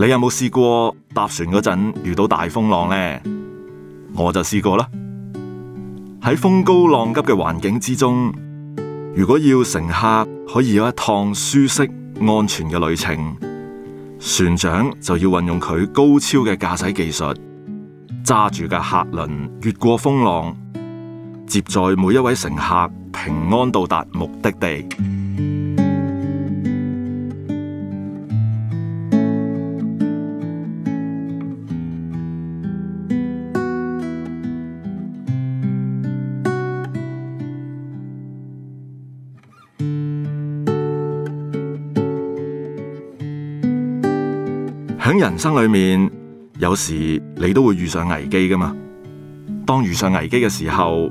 你有冇試過搭船嗰陣遇到大風浪呢？我就試過啦。喺風高浪急嘅環境之中，如果要乘客可以有一趟舒適、安全嘅旅程，船長就要運用佢高超嘅駕駛技術，揸住架客輪越過風浪，接載每一位乘客平安到達目的地。喺人生裏面，有時你都會遇上危機噶嘛。當遇上危機嘅時候，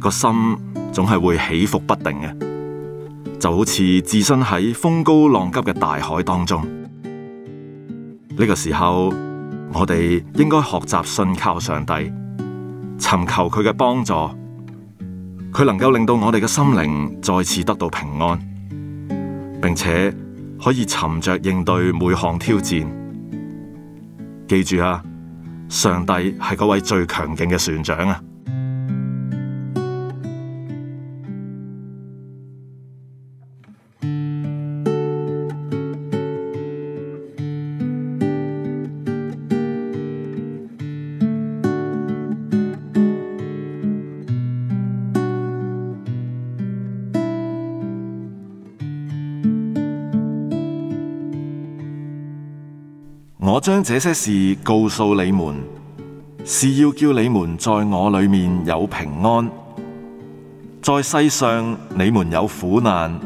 個心總係會起伏不定嘅，就好似置身喺風高浪急嘅大海當中。呢個時候，我哋應該學習信靠上帝，尋求佢嘅幫助，佢能夠令到我哋嘅心靈再次得到平安，並且可以沉着應對每項挑戰。記住啊，上帝係嗰位最強勁嘅船長啊！我將這些事告訴你們，是要叫你們在我裏面有平安。在世上，你們有苦難，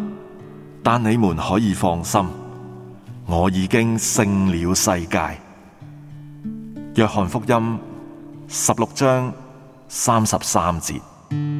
但你們可以放心，我已經勝了世界。約翰福音十六章三十三節。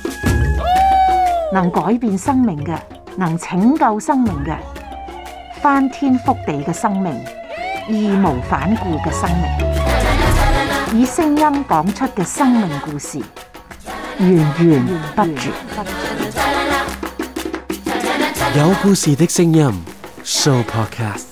能改變生命嘅，能拯救生命嘅，翻天覆地嘅生命，義無反顧嘅生命，以聲音講出嘅生命故事，源源不絕。有故事的聲音 Show Podcast。